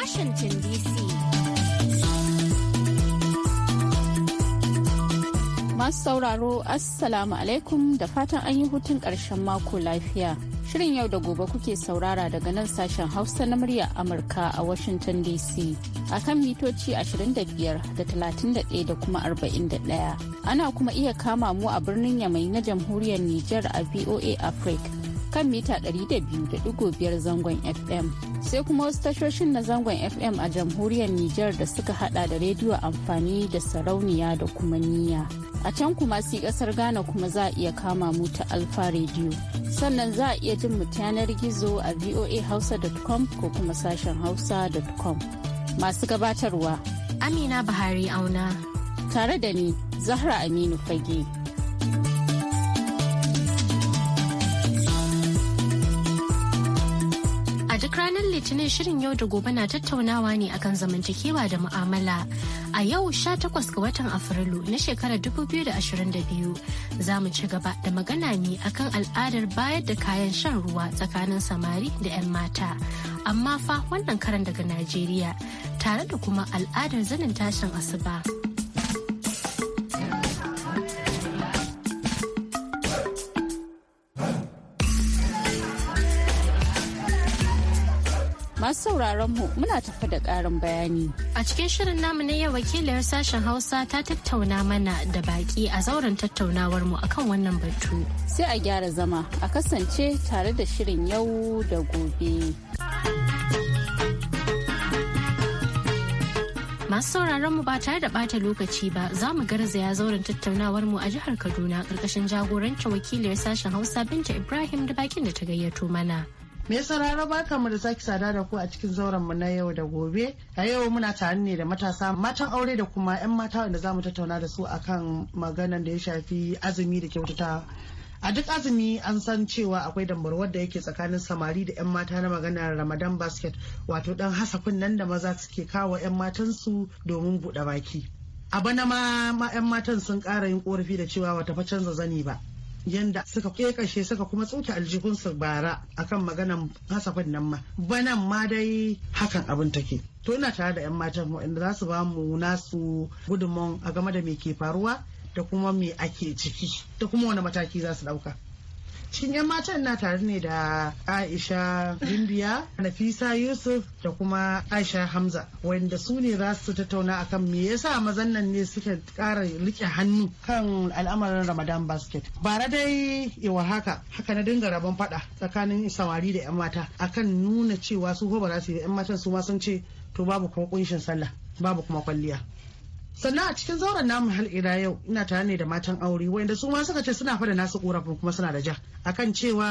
Washington DC. Masu sauraro, Assalamu alaikum da fatan an yi hutun ƙarshen mako lafiya. Shirin yau da gobe kuke saurara daga nan sashen Hausa na murya Amurka a Washington DC a kan mitoci 25 da 31 da kuma 41. Ana kuma iya kama mu a birnin Yamai na jamhuriyar Nijar a VOA Africa kan mita 200.5 zangon FM. Sai kuma wasu tashoshin na zangon FM a jamhuriyar Nijar da suka hada da rediyo amfani da sarauniya da kuma niya. A can kuma si kasar Ghana kuma za a iya kama mu ta Alfa Radio. Sannan za a iya jin mu yanar gizo a voa voahausa.com ko kuma sashen hausa.com. Masu gabatarwa. Amina Buhari auna. Tare da ni, Zahra Aminu Fage. litinin shirin yau da gobe na tattaunawa ne akan zamantakewa da mu'amala. A yau sha 18 ga watan Afrilu na shekarar 2022 za mu ci gaba da magana ne akan al'adar bayar da kayan shan ruwa tsakanin samari da 'yan mata. Amma fa wannan karan daga Najeriya tare da kuma al'adar zanin tashin asuba. sauraron mu muna tafi da karin bayani. A cikin shirin namu na yau wakiliyar sashen Hausa ta tattauna mana da baki a zauren tattaunawar mu akan wannan batu. Sai a gyara zama a kasance tare da shirin yau da gobe. masu sauraron mu ba tare da bata lokaci ba za mu garzaya zauren tattaunawar mu a jihar kaduna karkashin jagorancin wakiliyar sashen hausa binta ibrahim da bakin da ta gayyato mana Me sauraro ba mu da sake sada da ku a cikin zauren mu na yau da gobe. A yau muna tare ne da matasa matan aure da kuma 'yan mata wanda za mu tattauna da su akan maganan da ya shafi azumi da kyautata. a duk azumi an san cewa akwai dambarwar da yake tsakanin samari da 'yan mata na maganar ramadan basket wato dan hasafin nan da maza suke kawo 'yan matansu domin buɗe baki a bana ma 'yan matan sun ƙara yin korafi da cewa wata fa canza zani ba yanda suka kekashe suka kuma tsoke aljihunsu bara akan maganan hasafin nan ma banan ma dai hakan abin take to ina tare da 'yan matan waɗanda za su ba mu nasu gudunmawa a game da me ke faruwa da kuma me ake ciki da kuma wani mataki za su ɗauka cikin 'yan matan na tare ne da aisha bimbiya nafisa yusuf da kuma aisha hamza wanda su ne za su tattauna akan me yasa mazan nan ne suka kara rike hannu kan al'amarin ramadan basket bara dai iwa haka haka na dinga rabon fada tsakanin samari da 'yan mata akan nuna cewa su ba za su yi 'yan matan su ma sun ce to babu kuma kunshin sallah babu kuma kwalliya sannan a cikin zauren namu hal ila yau ina tare ne da matan aure wanda su ma suka ce suna fada nasu korafin kuma suna da ja akan cewa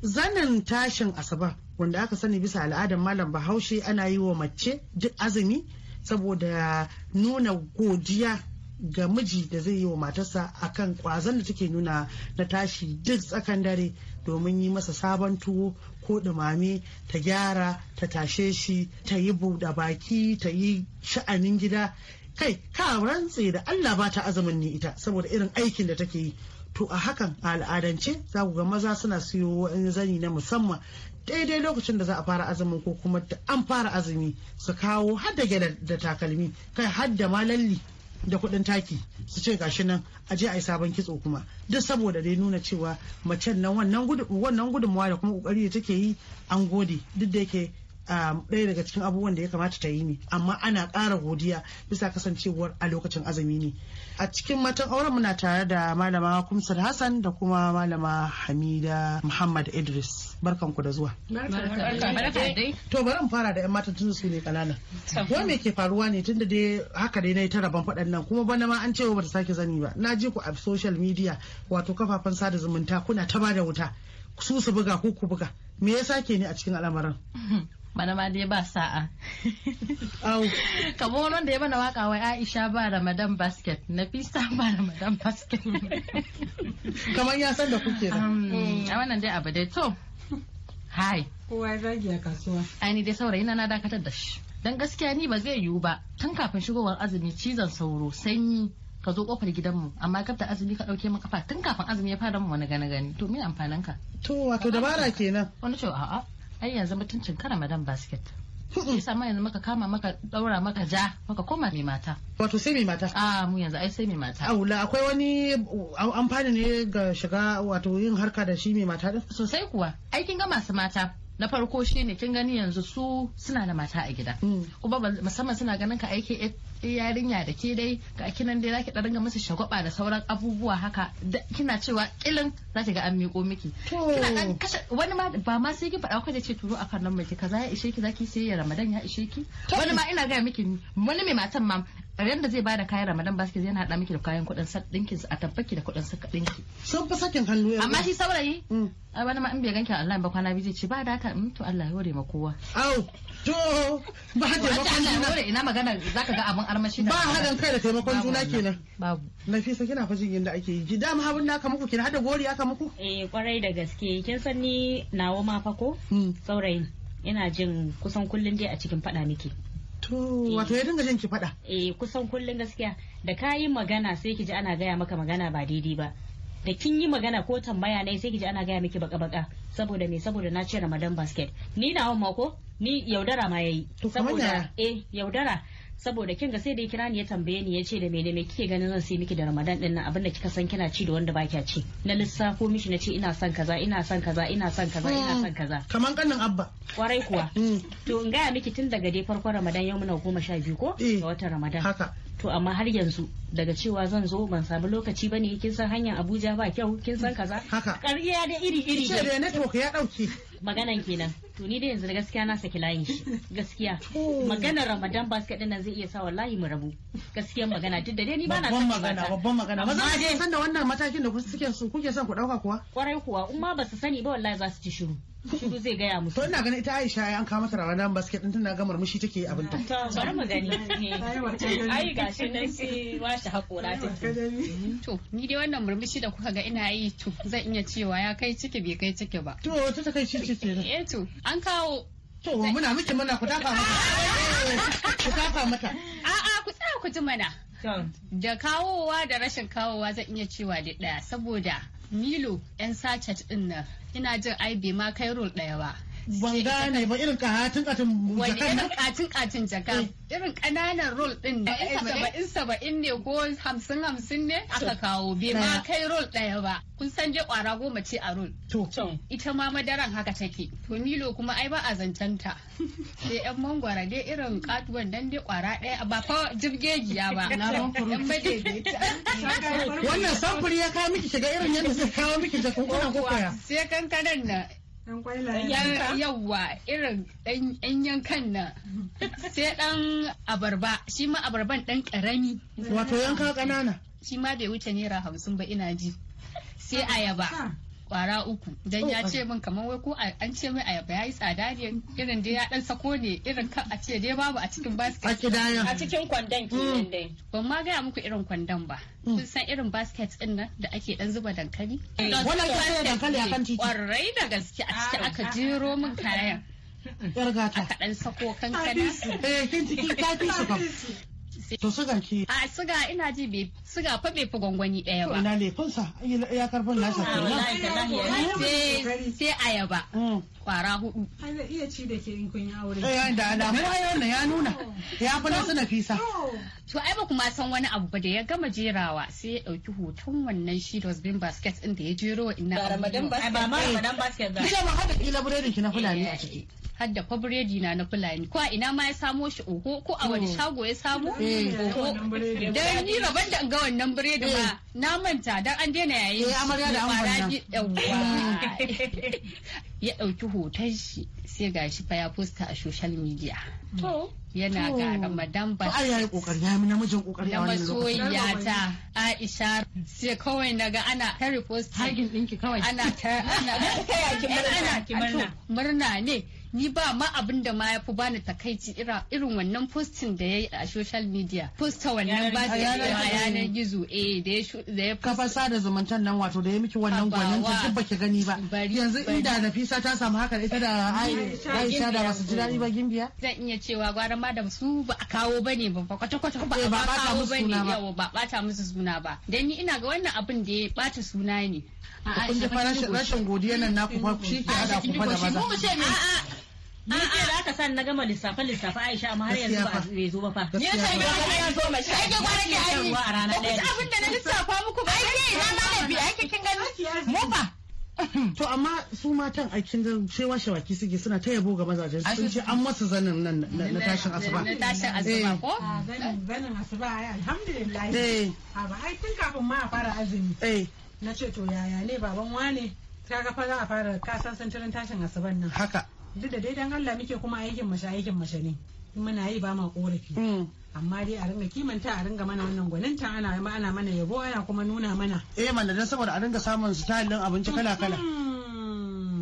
zanin tashin asaba wanda aka sani bisa al'adar malam bahaushe ana yi wa mace duk azumi saboda nuna godiya ga miji da zai yi wa matarsa akan kwazon da take nuna na tashi duk tsakan dare domin yi masa sabon tuwo ko dumame ta gyara ta tashe shi ta yi buɗa baki ta yi sha'anin gida kai ka rantse da Allah ba ta azumin ni ita saboda irin aikin da take yi to a hakan a al'adance za ku ga maza suna siyo wani zani na musamman daidai lokacin da za a fara azumin ko kuma da an fara azumi su kawo har da da takalmi kai har da ma da kuɗin taki su ce gashi nan a je a yi sabon kitso kuma duk saboda dai nuna cewa macen nan wannan gudunmuwa da kuma kokari da take yi an gode duk da yake Um, ɗaya daga cikin abubuwan da ya kamata ta yi ne amma ana kara godiya bisa kasancewar a lokacin azumi ne a cikin matan auren muna tare da malama kumsar hassan da kuma malama hamida muhammad idris barkanku da zuwa to bari mu fara da yan matan tun su ne kanana ko me ke faruwa ne tunda dai haka dai nayi ta rabon faɗan nan kuma bana ma an ce ba ta sake zani ba na ji ku a social media wato kafafen sada zumunta kuna ta bada wuta su su buga ko ku buga me ya ke ne a cikin al'amarin bana ma dai ba sa'a kamar wanda ya bana waka wai aisha ba ramadan basket na fista ba ramadan basket kamar ya san da kuke da um, mm. a wannan dai abu dai to hai kowa ya zagi a kasuwa ai dai saurayi na na dakatar da shi dan gaskiya ni ba zai yiwu ba tun kafin shigowar azumi cizon sauro sanyi ka zo kofar gidanmu amma kafta azumi ka dauke maka fa tun kafin azumi ya fara mu wani gane gani to me amfanin ka to wato dabara kenan wani ce a'a ai yanzu mutuncin kara madan basket yasa ma yanzu maka kama maka daura maka ja maka koma mai mata wato sai mai mata a ah, mu yanzu ai sai mai mata aula akwai wani amfani ne ga shiga wato yin harka da shi mai mata din sosai kuwa aikin ga masu mata na farko shine kin gani yanzu su suna da mata a gida mm. kuma musamman suna ganin ka aiki eh, Eh, yarinya da ke dai ga nan dai zaki dan masa shagwaba da sauran abubuwa haka kina cewa kilin zaki ga an miko miki kina dan kashe wani ma ba ma sai ki faɗa kwaje ce turo akan nan miki kaza ya ishe ki zaki sai ya Ramadan ya ishe ki wani ma ina ga miki wani mai matan ma ran da zai bada kayan ramadan basket yana hada miki da kayan kudin dinki a tabbaki da kudin saka ki. sun fi sakin hannu amma shi saurayi mm. a wani ma in bai ganki Allah ba kwana biyu ce ba da in mm, to Allah ya hore ma kowa au to ba taimakon juna hore ina magana zaka ga abun armashi ba hadan kai da taimakon juna kenan babu nafisa kina fa jin yanda ake yi ki dama abun aka muku kina hada gori aka muku eh kwarai da gaske kin san ni nawo ma fa ko mm. saurayin ina jin kusan kullum dai a cikin fada muke. To eh. wato ya dinga jin ki faɗa. Eh kusan kullum gaskiya da ka yi magana sai ki ji ana gaya maka magana ba daidai ba. Da kin yi magana ko tambaya ne sai ki ji ana gaya miki baka baka saboda me saboda na ce Ramadan basket. Ni na ma ni yaudara ma yayi. Saboda eh yaudara saboda kin ga sai da ya kira ni ya tambaye ni ya ce da menene kike ganin zan sai miki da Ramadan din nan abinda kika san kina ci da wanda ba kya ci na lissafo mishi na ce ina son kaza ina son kaza ina son kaza ina son kaza kaman kannan abba kwarai kuwa mm. to in gaya miki tun daga dai farkon Ramadan yau muna goma sha biyu ko eh. ga watan Ramadan haka to amma har yanzu daga cewa zan zo ban samu lokaci bane kin san hanyar Abuja ba kyau kin san kaza haka ƙarya da iri iri ce da network ya dauke maganan kenan to ni dai yanzu gaskiya na saki layin shi gaskiya oh. magana ramadan basket din nan zai iya sa wallahi mu rabu gaskiya magana duk da dai ni bana babban magana babban magana amma zan san da wannan matakin da kuke suke so kuke son ku dauka kuwa kwarai kuwa in ma ba su sani ba wallahi za su ci shiru shiru zai gaya musu to ina ganin ita Aisha ya an kawo mata ramadan basket din tana ga murmushi take abin ta bari mu gani ai gashi nan sai washe hakora ta to ni dai wannan murmushi da kuka ga ina yi to zan iya cewa ya kai ciki bai kai ciki ba to ta ta kai ciki ce eh, to An kawo. To muna miki muna ku dafa mata. Ku dafa mata. A'a ku tsaya ku ji mana. Da kawowa da rashin kawowa zan iya cewa da ɗaya saboda Milo 'yan sachet ɗin nan ina jin ai bai ma kai rol ɗaya ba. ban gane ba irin katin katin wani irin katin katin jaka eh. irin kananan rol din da saba'in saba'in ne ko hamsin hamsin ne aka kawo bai ma kai rol daya ba kun san je kwara goma ce a rol ita ma madaran haka take to milo kuma ai ba a zancanta sai yan mangwara dai irin katuwan dan dai kwara daya ba fa jirgegiya ba wannan samfuri ya kawo miki shiga irin yadda suka kawo miki jakun kuna kokoya sai kankanan na yawwa irin ɗan yankan nan sai ɗan abarba shi ma abarban ɗan ƙarami wato yanka ƙanana shi ma bai wuce naira hamsin ba ina ji sai ayaba kwara uku don ya oh, ce oh. min kamar wai ko an ce mai ayaba yayi tsada ne irin dai ya dan sako ne irin kan a ce dai babu a cikin basket a cikin kwandon kenan hmm. dai ban ma gaya muku irin kwandon ba hmm. kun san irin basket din nan da ake dan zuba dankali eh. wannan dankali akan titi kwarai da gaske a ciki aka ah, ah, jero ah, min kayan Aka dan sako kankana. Eh, kin ciki ka To suga ke? A suga ina ji bai suga fa bai fi gwangwani ɗaya ba. Ina lefinsa ya karfin nasa ah, kenan. Sai ayaba. Mm. Kwara hudu. Ana iya ci da ke in kun yi aure. Eh da da mu ai wannan ya nuna. Ya fi nasu fisa. Oh. To ai ba kuma san wani abu ba da ya gama jerawa sai ya dauki hoton wannan shi da bin basket din da ya jero ina. Ba Ramadan basket ba. Ramadan basket ba. Kisa ma kila buredin ki na Fulani a ciki. Eh. har da fa biredi na na fulani ko a ina ma ya samo shi oho ko a wani mm. shago ya samo eh. oho da ni rabon da ga wannan biredi ba eh. na manta dan an daina yayi eh amarya da amfani ya dauki hoton shi sai gashi fa ya posta a social media yana ga ramadan ba ai yayi kokari ya mi namijin kokari a wannan lokacin masoyiya ta Aisha sai kawai naga ana ta repost tagin dinki kawai ana ta ana ta eh, murna ne ni ba ma abin da ma ya fi bani takaici irin wannan postin da ya yi a social media posta wannan ba da yanar gizo eh da ya da ya kafar sada zumuntar nan wato da ya miki wannan gwanin ta duk baki gani ba yanzu inda Nafisa ta samu haka ita da Aisha da wasu ji daɗi ba gimbiya zan iya cewa gwara ma da su ba a kawo bane ba kwata kwata eh, ba a kawo bane yawa ba bata musu suna ba dan ni ina ga wannan abin da ya bata suna ne a kun ji rashin godiya nan naku fa shi ke hada ku fa da maza Ni ce za ka san na gama lissafe lissafe Aisha amma har yanzu ba bai zo ba fa. Ni ce ga wani ya zo mace. Ai ke kwana ke ai. Ba abin da na lissafa muku ba. Ai ke ina ma da bi ake kin gani. Mu ba. To amma su matan a kin shewa shawaki suke suna ta yabo ga mazajen sun ce an masa zanin nan na tashin asuba. Na tashin eh. asuba ko? Zanin asuba ai alhamdulillah. Eh. Ba ai tun kafin ma a fara azumi. Eh. Na ce to yaya ne baban wane? Kaga fa za a fara kasan sintirin tashin asuban nan. Haka. duk da dai dan Allah muke kuma aikin mace aikin mace ne muna yi ba ma korafi mm. amma dai a ringa kimanta a ringa mana wannan gwaninta ana ana mana yabo ana kuma nuna mana eh mana dan saboda a ringa samun style din abinci kala kala mm.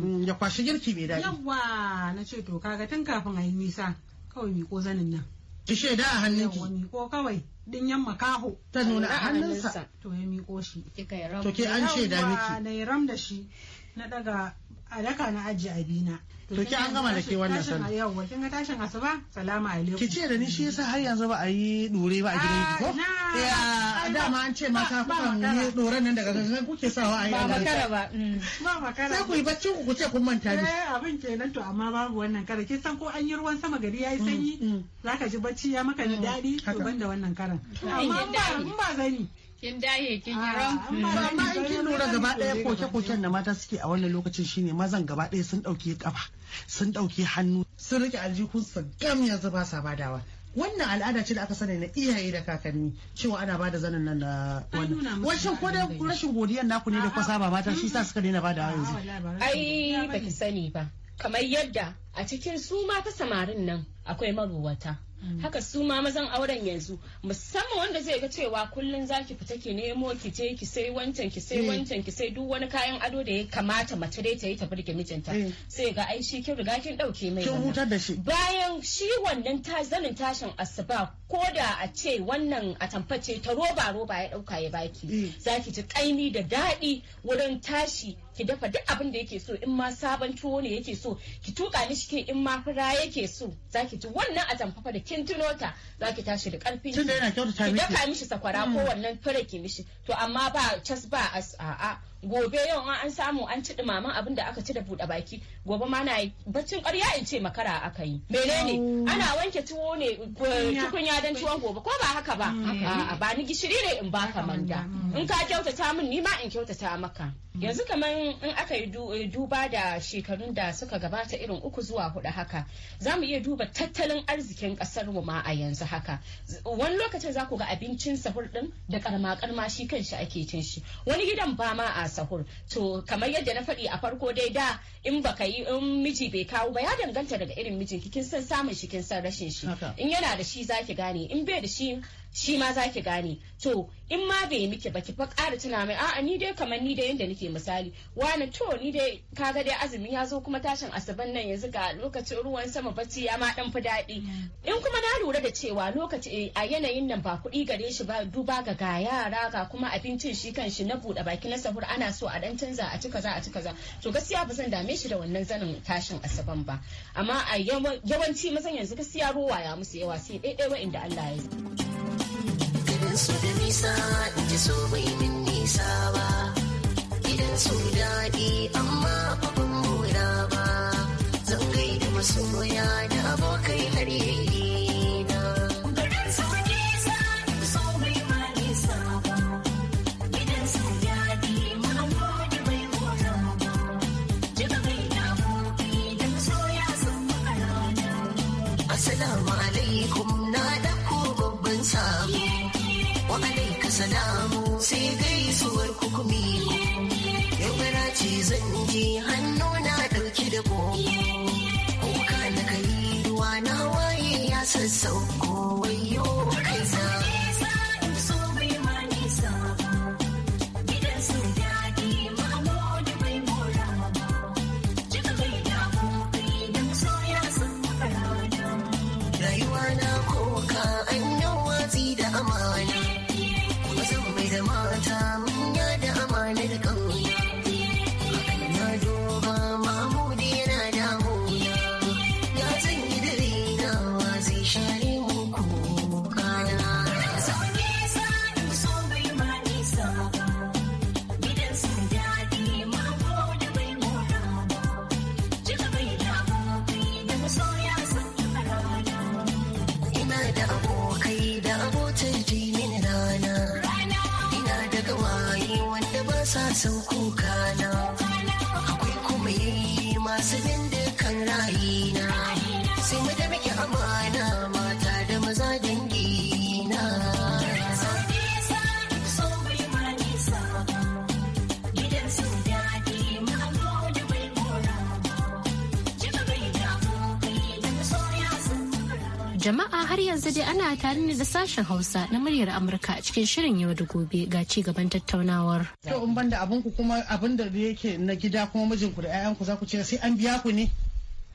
Mm, ya kwashi girki mai daɗi yawa na ce to kaga tun kafin a yi nisa kawai miko zanin nan ki da a hannun ki. yawa miko kawai din yan makaho ta nuna a hannunsa to ya miko shi kika to ke an da miki na ram da shi na daga a daka na ajiye abina. To ki an gama da ke wannan sallah. Yawwa kin ga tashin asuba salamu alaikum. Ki ce da ni shi yasa har yanzu ba a yi dore ba a gidan ki ko? Eh ah, dama an ce mata kukan yi doren nan daga gangan kuke sawa a yi. Ba makara ba. Mm. Ba makara. Sai ku yi bacci ku ku ce kun manta ne. Eh abin kenan to amma babu wannan kara Ki san ko an yi ruwan sama gari yayi sanyi mm, mm. zaka ji bacci ya maka ni daɗi to banda wannan karan. Amma ba zani. Kin daye kin yi ah, Amma in kin lura gaba ɗaya koke-koken na mata suke a wannan lokacin shine mazan gaba ɗaya sun ɗauke kafa, sun ɗauke hannu, sun rike su gam yanzu ba sa badawa. wannan al'ada ce da aka sani na iyaye da kakanni cewa ana bada zanen nan na wannan wasu ko da rashin godiyar naku ne da kuka saba mata shi sa suka daina bada yanzu ai baki sani ba kamar yadda a cikin su mata samarin nan akwai maruwata Mm. haka su ma mazan auren yanzu musamman wanda zai ga cewa kullun zaki fita ki nemo ki je ki sai wancan ki sai mm. wancan ki sai duk wani kayan ado da ya kamata mace dai ta yi ta burge mijinta mm. sai ga ai shi kin riga kin dauke mai kin da shi bayan shi wannan ta zanin tashin asuba ko da a ce wannan a tamface ta roba roba ya dauka ya baki zaki ji kaimi da daɗi wurin tashi ki dafa duk abin da yake so in ma sabon tuwo ne yake so ki tuka mishi ke in ma fura yake so zaki ci wannan a tamfafa da kin tuno ta zaki tashi da karfi ki daka mishi sakwara ko mm. wannan fura ki mishi to amma ba cas ba a'a gobe yau an samu an ci dumaman abin da aka ci da buɗe baki gobe ma na baccin ƙarya in ce makara aka yi menene ana wanke tuwo ne eh, tukunya don tuwon gobe ko ba haka ba mm. a ba ni gishiri ne in baka manda in ka kyautata min ni ma in kyautata maka mm. yanzu kamar in aka yi eh, duba da shekarun da suka gabata irin uku zuwa hudu haka za mu iya duba tattalin arzikin kasar mu ma a yanzu haka wani lokacin za ku ga abincin sahur din da karma karma shi kanshi ake cin shi wani gidan ba ma a sahur to kamar yadda na faɗi a farko dai da in baka yi in miji bai kawo ba ya danganta daga irin mijin kin san samun shi kin san rashin shi in yana da shi zaki gane in bai da shi shi ma zaki gane to in ma bai miki ba ki fa ƙara tuna mai a'a ni dai kamar ni dai yanda nake misali wani to ni dai kaga dai azumi ya zo kuma tashin asaban nan yanzu ga lokacin ruwan sama bacci ya ma dan fi daɗi mm. in kuma na lura da cewa lokaci eh, a yanayin nan ba kuɗi gare shi ba duba ga ga yara ga kuma abincin shi kan shi na buɗe baki na sahur ana so a dan canza a ci kaza a ci kaza to gaskiya ba zan dame shi da wannan zanin tashin asaban ba amma a yawanci mazan yanzu gaskiya ruwa ya musu yawa sai ɗaiɗai wa'inda Allah ya yi. idan su da nisa in ji so bai min nisa ba gidan su daɗi amma abin mura ba zan gaida masoya da abokai har yayi wa alaika salamu sai gaisuwar hukumi yau gara ce zan je hannu na ɗauki da ko kuka na kai ruwa na waye ya sassauko yanzu dai ana tare ne da sashen Hausa na muryar Amurka cikin shirin yau da gobe ga ci gaban tattaunawar. To in banda abin ku kuma abin da yake na gida kuma mijin ku da ƴaƴan ku za ku ce sai an biya ku ne.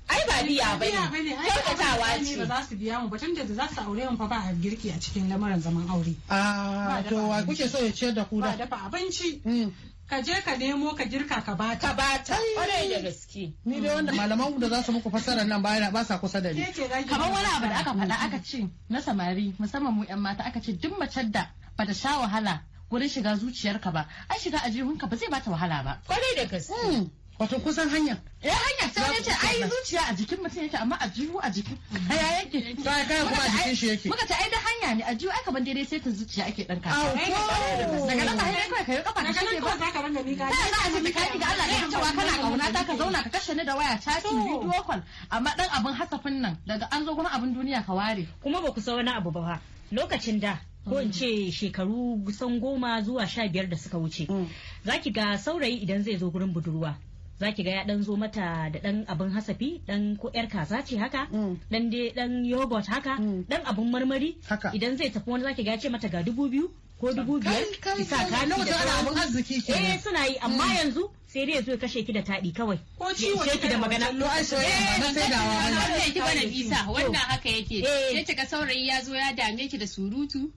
Ai ba biya ba ne. Kyautatawa ce. Ba za su biya mu ba tun da za su aure mu fa ba girki a cikin lamarin zaman aure. Ah to wa kuke so ya ciyar da ku da? Ba dafa abinci. Mm. ka je ka nemo ka girka ka bata. Ka bata. Kwarai da gaske. Ni dai wanda malaman da za su muku fasara nan bayan ba sa kusa da ni. Kamar wani abu da aka faɗa aka ce na samari musamman mu 'yan mata aka ce duk macen da ta sha wahala gurin shiga zuciyarka ba ai shiga a jihunka ba zai bata wahala ba. Kwarai da gaske. Hmm. wato kusan hanya eh hanya sai ne ce ai zuciya a jikin mutum yake amma a jihu a jikin mm. a ya yake to ai kai kuma a jikin shi yake muka ta ai da hanya ne a jihu ai kaman daidai sai ta zuciya ake dan ka daga nan hanya kai kai kafa ka shi ba za ka ranga mika sai za a ji kai ga Allah ne cewa kana kauna ta ka zauna ka kashe ni da waya ta ci video call amma dan abin hasafin nan daga an zo gurin abin duniya ka ware kuma ba ku sa wani abu ba lokacin da ko in ce shekaru kusan goma zuwa sha biyar da suka wuce mm. za ki ga saurayi idan zai zo gurin budurwa za ki ga ya dan zo mata da dan abin hasafi dan ko yar kaza ce haka mm. dan dai dan yogurt haka mm. dan abin marmari idan zai tafi wani za ki ga ce mata ga dubu biyu ko dubu biyar ki sa kati da ke eh suna yi amma mm. yanzu sai dai zo kashe ki da taɗi kawai. Ko ciwo wani ki da magana. Lo an ya ba sai da wani. Wannan ki bana bisa wannan haka yake. Eh. Sai kika saurayi ya zo ya dame ki da surutu.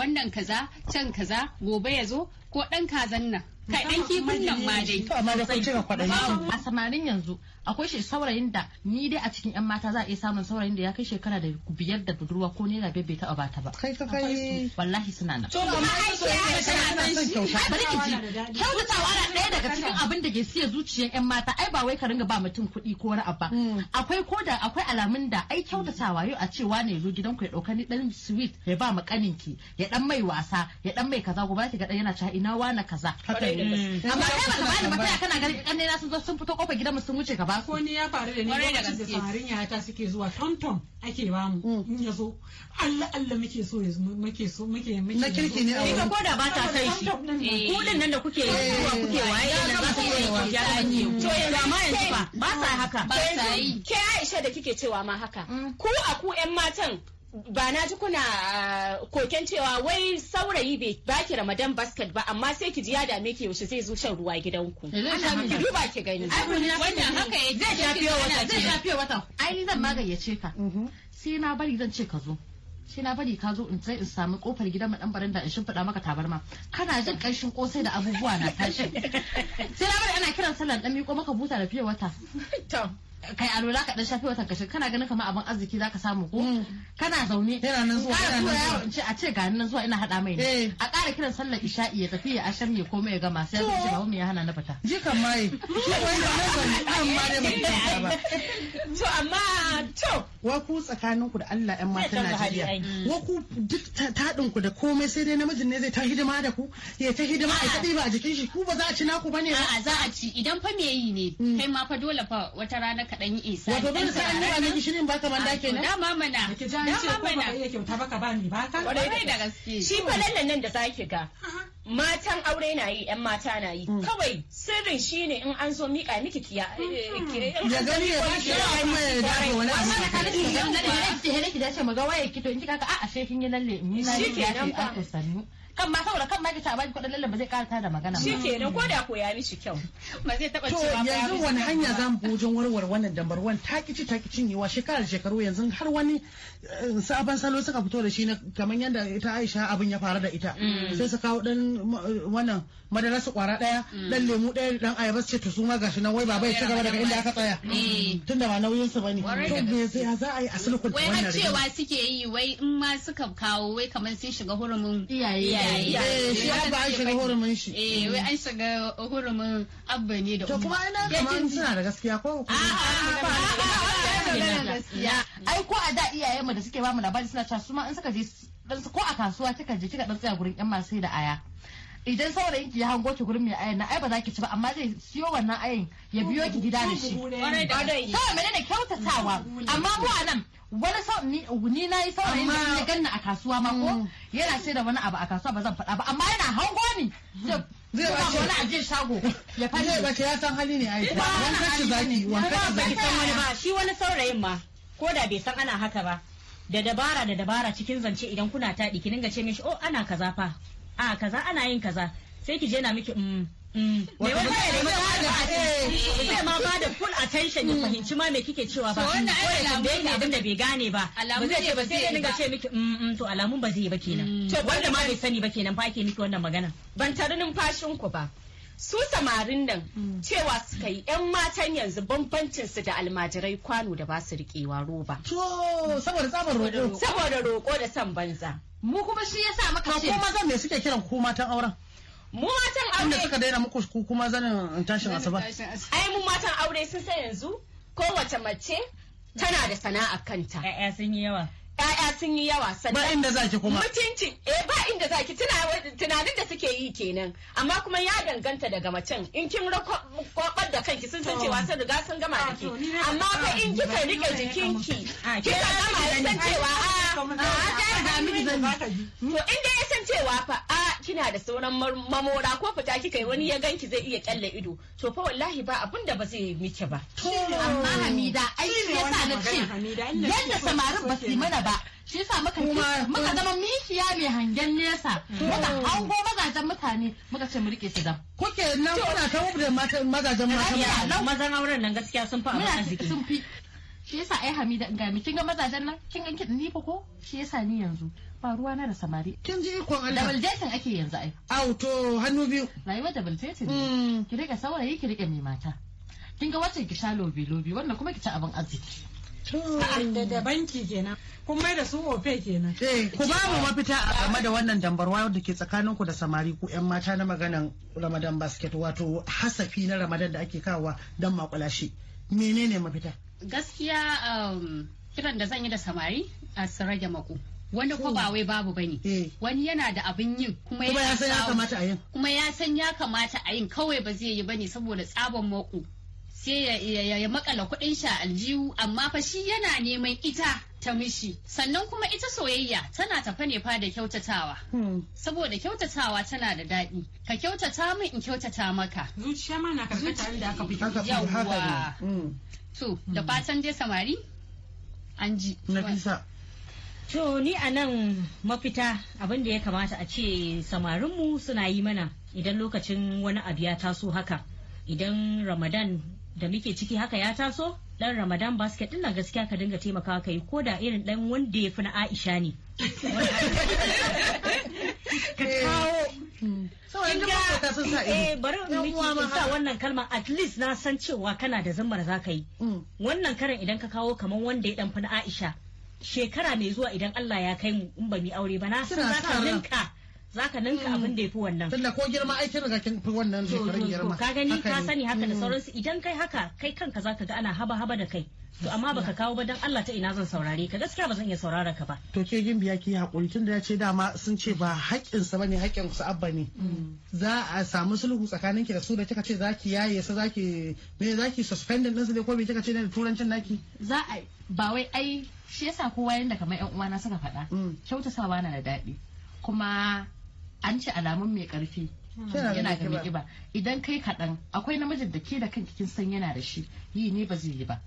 Wannan kaza, can kaza, gobe ya zo, ko ɗan kazan nan. kai dan kifin nan ma dai to amma da kun cika kwaɗayi a samarin yanzu akwai shi saurayin da ni dai a cikin yan mata za a iya samun saurayin da ya kai shekara da biyar da budurwa ko naira biyar bai taɓa bata ba kai ka kai wallahi suna nan to amma soyayya tana son kyauta bari ki ji kyautatawa na ɗaya daga cikin abin da ke siya zuciyar yan mata ai ba wai ka ringa ba mutum kuɗi ko wani abu mm. akwai ko da akwai alamun da ai kyautatawa yau a cewa ne zo gidan ku ya ɗauka ni ɗan sweet ya ba ki ya ɗan mai wasa ya ɗan mai kaza gobe ki ga ɗan yana cewa ina wa na kaza amma kai ba ka bani ba kana ganin ƙannena sun zo sun fito kofar gidan mu sun wuce ka ba ko ni ya faru da ni lokacin da samarin yata suke zuwa tom ake ba mu mm. in ya zo Allah Allah muke so ya muke so muke muke na kirki ne eh. a ko da ba ta san shi eh. ku nan da kuke eh. zuwa kuke waye da ba ta yi ya ake to yanzu amma yanzu ba ba sa haka ba sa yi ke Aisha da kike cewa ma haka mm. ku a ku ƴan matan ba na ji kuna ah, koken cewa wai saurayi bai baki ramadan basket ba amma sai ki ji ya dame ki yaushe zai zo shan ruwa gidanku eh, ki duba ki gani wannan haka ya zai shafi wata zai shafi wata ai zan magayyace ka mm-hmm. sai na bari zan ce ka zo sai na bari ka zo in sai in samu kofar gidan mu dan baranda in shimfiɗa maka tabarma kana jin ƙarshen kosai da abubuwa na tashi sai na bari ana kiran sallan dan miko maka buta da fiye wata kai lura ka dan shafi watan kashe kana ganin kamar abin arziki zaka samu ko mm. kana zaune yana nan zuwa yana nan zuwa a ce ga nan zuwa ina hada mai ne eh. a ƙara kiran sallar isha'i ya tafi ya ashar ya komai ya gama sai ya ce ba mu ya hana na fita ji kan mai shi wanda nan amma ba to amma to wa ku tsakanin ku da Allah ƴan matan Najeriya wa ku duk taɗin ku da komai sai dai namijin ne zai ta hidima da ku ya ta hidima a kaɗi ba a jikin shi ku ba za a ci naku bane ba za a ci idan fa me yi ne mm. kai ma fa dole fa wata rana kaɗan yi isa wato dole sai an nuna miki shirin baka banda kenan dama mana dama mana yake kyauta baka ba ni ba kwarai da gaske shi fa nan da zaki ga matan aure na yi yan mata na yi kawai sirrin shine in an zo mika miki kiya ya gani ya ba shi kuma ya dafa wani abu ki ga nan da ki da ki da ce waye in kika ka a ashe kin yi lalle ni na ya ce a kan ma saboda kan ma ta baki kuɗin lalle ba zai ƙara tada magana ba shikenan ko da ko ya mishi kyau ba zai taɓa cewa to yanzu wani hanya za mu wajen warware wannan dambarwan takici takicin yiwa shekarar shekaru yanzu har wani eh, sabon salo suka fito da shi na kamar yadda ita Aisha abin ya faru da ita mm. sai su kawo dan eh, wannan madara su kwara daya dan mm. lemu daya dan ayaba su ce to su ma gashi nan wai baba ya ci gaba daga inda aka tsaya mm. tunda ba nauyin su bane to me sai za a yi a sulhu wannan wai har cewa suke yi wai in ma suka kawo wai kamar sun shiga hurumin iyaye iyaye shi ya ba hurumin shi eh wai an shiga hurumin abba ne da kuma ina kamar suna da gaskiya ko ai ko a da iyayen mu da suke bamu labari suna cewa suma in suka je ko a kasuwa kika je kika dan tsaya gurin yan masu da aya idan saurayin ki ya hango ki gurin mai ayan na ai ba za ki ci ba amma zai siyo wannan ayan ya biyo ki gida da shi. Kawai menene kyautatawa amma mu a nan wani sau ni na yi saurayi da ya ganna a kasuwa ma ko mm. yana sai da wani abu a kasuwa ba zan faɗa ba amma yana hango ni zai bace wani ajiyar shago ya fadi zai bace ya san hali ne ai wanka shi zaki Wani shi zaki kan wani ba shi wani saurayin ma ko da bai san ana haka ba da dabara da dabara cikin zance idan kuna taɗi ki dinga ce mishi oh ana kaza fa a kaza ana yin kaza sai ki je na miki mm. Mm. ne da eh. zai ma ba da full attention ya mm. fahimci ma me kike cewa ba ko ya tambaye ki abin da bai gane ba ba zai ce ba sai ya dinga ce miki mm, mm to alamun ba zai ba kenan wanda ma bai sani ba kenan fa ke miki wannan magana ban tare numfashin ku ba su samarin nan cewa suka yi 'yan matan yanzu bambancin su da almajirai kwano da ba su riƙewa roba. To saboda tsabar roƙo. Saboda roƙo da san banza. Mu kuma shi ya sa maka ce. Ko mazan me suke kiran ku matan auren? mu matan aure inda suka daina muku ku kuma zanin tashin asuba ai mu matan aure sun san yanzu kowace mace tana da sana'a kanta ƴaƴa sun yi yawa ƴaƴa sun yi yawa ba inda zaki kuma mutuncin eh ba inda zaki tunanin da suke yi kenan amma kuma ya danganta daga macen in kin kwabar da kanki sun san cewa sun riga sun gama da ke amma fa in kika rike jikinki kika gama ya san cewa a a ga miki zan to inda ya san cewa fa kina da sauran mamora ko fita kika yi wani ya ganki zai iya kyalle ido to fa wallahi ba abin da ba zai miki ba amma Hamida ai yasa na ce yadda samarin ba su yi mana ba shi yasa muka muka zama mikiya mai hangen nesa muka hango mazajen mutane muka ce mu rike su dan. kuke nan kuna ta wuce mazajen mutane mazan auren nan gaskiya sun fa abin arziki sun fi shi yasa ai Hamida in ga miki ga mazajen nan kin ganki ni fa ko shi yasa ni yanzu faruwa ruwa na da samari kin ji ikon Allah double dating ake yanzu ai au to hannu biyu rayuwar double dating ne hmm. ki rika saurayi ki rika mai mata kin ga wacce ki sha lobi lobi wannan kuma ki ci abin arziki da da banki kenan kun mai da su ofe kenan eh, ku ba mu mafita a game da wannan dambarwa da ke tsakanin ku da samari ku ƴan mata na maganan ramadan basket wato hasafi na ramadan da ake kawowa don makulashi. menene mafita gaskiya um, kiran da zan yi da samari a su rage mako wani ko ba hmm. wai babu bane hmm. wani yana da abin yin kuma ya san ya kamata a yin kuma ya san ya kamata a yin kawai ba zai yi bane saboda tsaban mako sai ya makala kuɗin sha aljihu amma fa shi yana neman ita ta mishi sannan kuma ita soyayya tana tafa ne fa da kyautatawa hmm. saboda kyautatawa tana da daɗi ka kyautata min in kyautata maka zuciya ma na karkata inda aka fi yawwa to da fatan dai samari an ji bisa To ni a nan mafita abin da ya kamata a ce samarinmu suna yi mana idan lokacin wani abu ya taso haka. Idan Ramadan da muke ciki haka ya taso, dan Ramadan basket din na gaskiya ka dinga taimakawa yi ko da irin dan wanda ya fi na Aisha ne. Ka kawo eh, bari in sa wannan kalma at least na san cewa kana da zammar za ka yi. Mm. Wannan karan idan ka kawo kamar wanda ya dan fi na Aisha. shekara mai zuwa idan Allah ya kai mu in ba mu aure ba na san za ka ninka za ka ninka abin da ya fi wannan. Tunda ko girma aikin da kin fi wannan fara girma. Ka gani ka sani haka da mm. sauransu idan kai haka kai kanka za ka ga ana haba haba da kai. To amma baka kawo ba dan Allah ta ina zan saurare ka gaskiya ba zan iya saurara ka ba. To ke gin biya ki hakuri tunda ya ce dama sun ce ba haƙƙin bane haƙƙin su abba ne. Mm. Za a samu sulhu tsakanin ki da su da kika ce zaki yaye sa zaki me zaki suspend din su ne ko me kika ce da turancin naki. Za a ba wai ai shi yasa kowa yanda kamar yan uwana suka faɗa. Mm. Kyautatawa na da daɗi. Kuma an ce alamun mai karfi hmm. yana da mai idan kai kaɗan akwai namijin da ke da kanki kin san yana da shi yi ne ba zai yi ba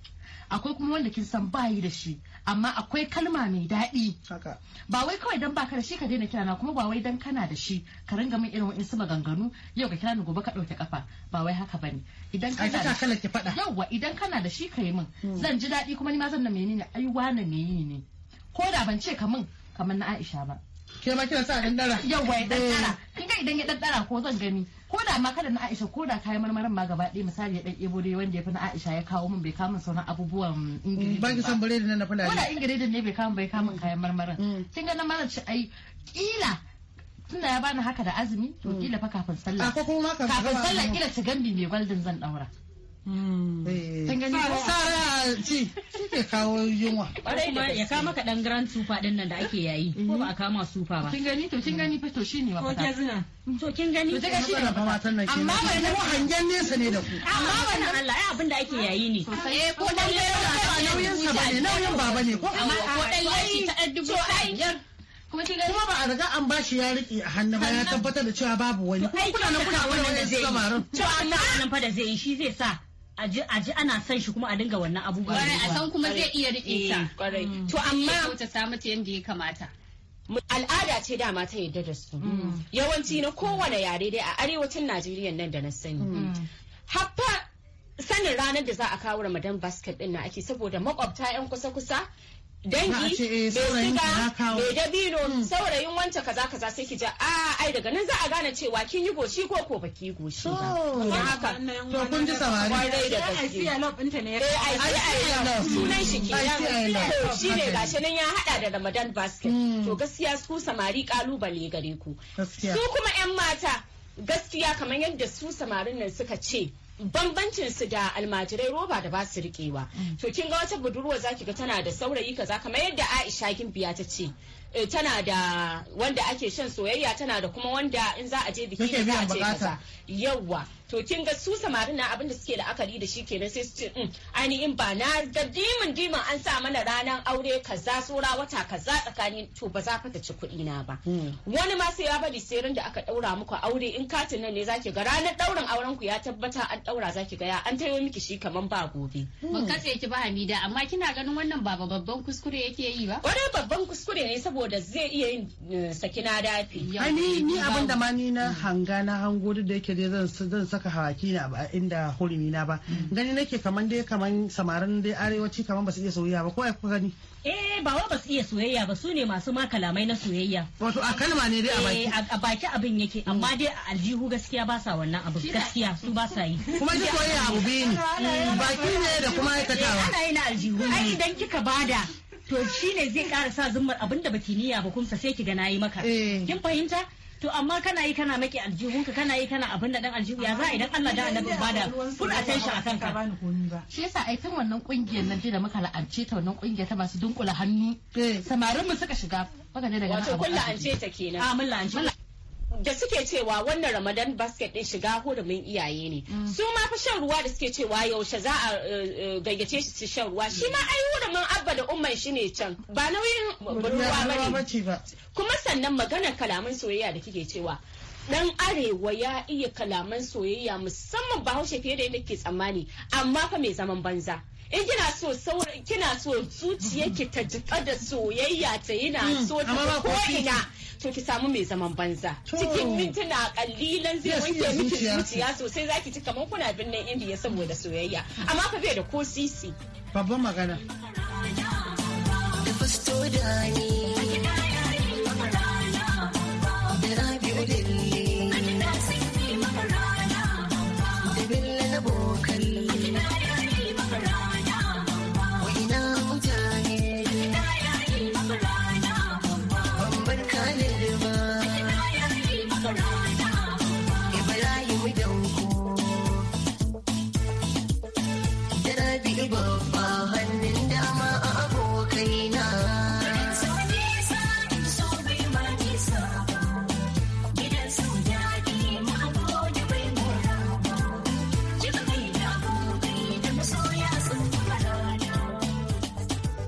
akwai kuma wanda kin san ba yi da shi amma akwai kalma mai daɗi ba wai kawai dan baka da shi ka daina kira na kuma ba wai dan kana da shi ka ringa min irin wa'insu maganganu yau ka kira ni gobe ka ɗauke kafa ba wai haka bane idan kana da shi idan kana da shi ka yi min hmm. zan ji daɗi kuma ni ma zan na menene ayuwa na me yi ne ko da ban ce ka min kamar na Aisha ba ke ma kina sa dan dara yawa ya dan dara eh. kin ga idan ya dan dara ko zan gani ko da ma kada na Aisha ko da kayan marmarin ma gaba ɗaya misali ya dan ebo dai wanda ya fi na Aisha ya kawo min bai kawo min sauran abubuwan ingredient ba ki san bare da na fulani ko da ingredient ne bai kawo bai kawo min kayan marmarin mm. kin ga na mara ci ai kila tunda ya bani haka da azumi to kila mm. fa kafin sallah kafin sallah kila ci gambi mai gwaldin zan daura Hmm. Eh. Sara ci ke kawo yunwa. kuma ya kama ka dan grand super din nan da ake yayi ko ba a kama super ba. Kin gani to kin gani fa to shine ma fata. To kin gani. To daga shi ne ba matan nan Amma wannan hangen nesa ne da ku. Amma wannan Allah y'a abin da ake yayi ne. Eh ko dan lera ba nauyin sa nauyin baba ne ko. Amma ko dan lera ta dubu biyar. kuma ba a riga an bashi ya riƙe a hannu ba ya tabbatar da cewa babu wani kuna nan kuna wani wani zai yi to Allah nan fa da zai yi shi zai sa aji ana son shi kuma a dinga wannan abubuwa kwarai a san kuma zai iya rike ta eh, kwarai mm. to amma ta samu ta yanda ya kamata al'ada ce dama ta yadda da su mm. yawanci na kowane yare dai a arewacin najeriya nan da na sani mm. haffa sanin ranar da za a kawo ramadan basket din na ake saboda makwabta yan kusa-kusa dangi eh, mai siga mai dabino hmm. saurayin wancan kaza kaza sai ki ja a ah, ai daga nan za a gane cewa kin yi goshi ko ko baki goshi ba kuma oh. haka to kun ji samari kwarai da gaske ai love ɗinta ne ai ai sunan shi ke shi ne gashi nan ya hada da Ramadan basket hmm. to gaskiya su samari kalubale gare ku su kuma yan mata gaskiya kamar yadda su samarin nan suka ce bambancin su da almajirai roba da ba su rikewa mm. to kin ga wata budurwa zaki ga tana da saurayi kaza kamar yadda Aisha Gimbiya ta ce Eh, tana da wanda ake shan soyayya tana da kuma wanda in za a je biki ne za a ce kasa yawwa to kin ga su samari na abin da suke la'akari da shi kenan sai su ce mm, in ba na da dimin dimin an sa mana ranar aure kaza tsora wata kaza tsakanin to ba za ka ci kuɗi na ba hmm. wani ma sai ya bari sai ran da aka daura muku aure in katin nan ne zaki ga ranar daurin auren ku ya tabbata an daura zaki ga ya an tayo miki shi kaman ba gobe hmm. ba kace ki ba Hamida amma kina ganin wannan ba babban kuskure yake yi ba wani babban kuskure ne saboda saboda zai iya yin eh, sakina dafi ani ni abin da ma ni na mm. hanga na hango da yake dai zan zan saka hawaki na ba inda hurumi na ba mm. gani nake kaman dai kaman samarin dai arewaci kaman ba su iya soyayya ba ko ai kuka gani eh ba wa ba su iya soyayya ba su ne masu ma kalamai na soyayya wato a kalma ne dai a baki eh, a baki abin yake mm. amma dai a aljihu gaskiya ba sa wannan abu gaskiya su ba sa yi kuma shi soyayya abu biyu ne baki ne da kuma aikatawa eh, ana yi na aljihu ai idan kika bada to shi ne zai ƙara sa zumar abin da baki niyya ba kumsa sai ki ga nayi maka eh. kin fahimta to amma kana yi kana maki ka. kana yi kana abin da dan aljihu ya za a idan Allah da annabi ba da kun attention akan ka bani komi ba shi yasa ai tun wannan kungiyar nan da muka la'ance ta wannan kungiyar ta masu dunkula hannu eh. samarin mu suka shiga baka ne daga wato kun ta kenan a ah, mun la'ance da suke cewa wannan ramadan basket ɗin shiga hurumin iyaye ne mm. su ma fa shan ruwa da suke cewa yaushe za a eh, eh, gayyace shi shan ruwa mm. shi ma ai hurumin abba da umman shi ne can ba nauyin ruwa bane kuma sannan maganar kalaman soyayya da kike cewa dan arewa ya iya kalaman soyayya musamman bahaushe fiye da yadda ke tsammani amma fa mai zaman banza in kina so sauran kina so zuciyarki ta jika da soyayya ta yana hmm, so ta ko ina to ki samu mai zaman banza cikin mintuna kallilan zai wanke miki zuciya sosai zaki ci kamar kuna binne indiya saboda soyayya amma fa bai da ko sisi babban magana da fasto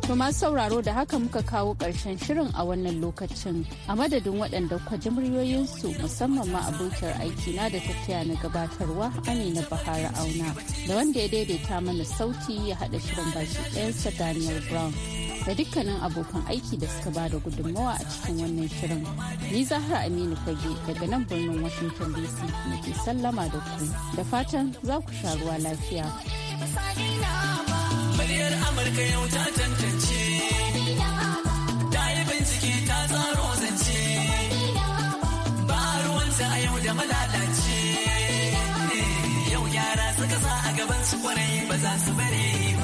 To masu sauraro da haka muka kawo ƙarshen shirin a wannan lokacin. A madadin waɗanda kwa ji musamman ma abokiyar na da tafiya na gabatarwa Amina Bahara Auna da wanda ya daidaita mana sauti ya haɗa shirin bashi ɗayansa Daniel Brown. Da dukkanin abokan aiki da suka ba da gudunmawa a cikin wannan shirin. Ni Zahra Aminu Fage daga nan birnin Washington DC ke sallama da ku da fatan za ku sha ruwa lafiya. muryar amurka yau ta tantance ta yi bincike ta tsaro zance ba ruwanta a yau da malalace eh, yau yara suka sa a gaban su kwarai ba za su bari. ba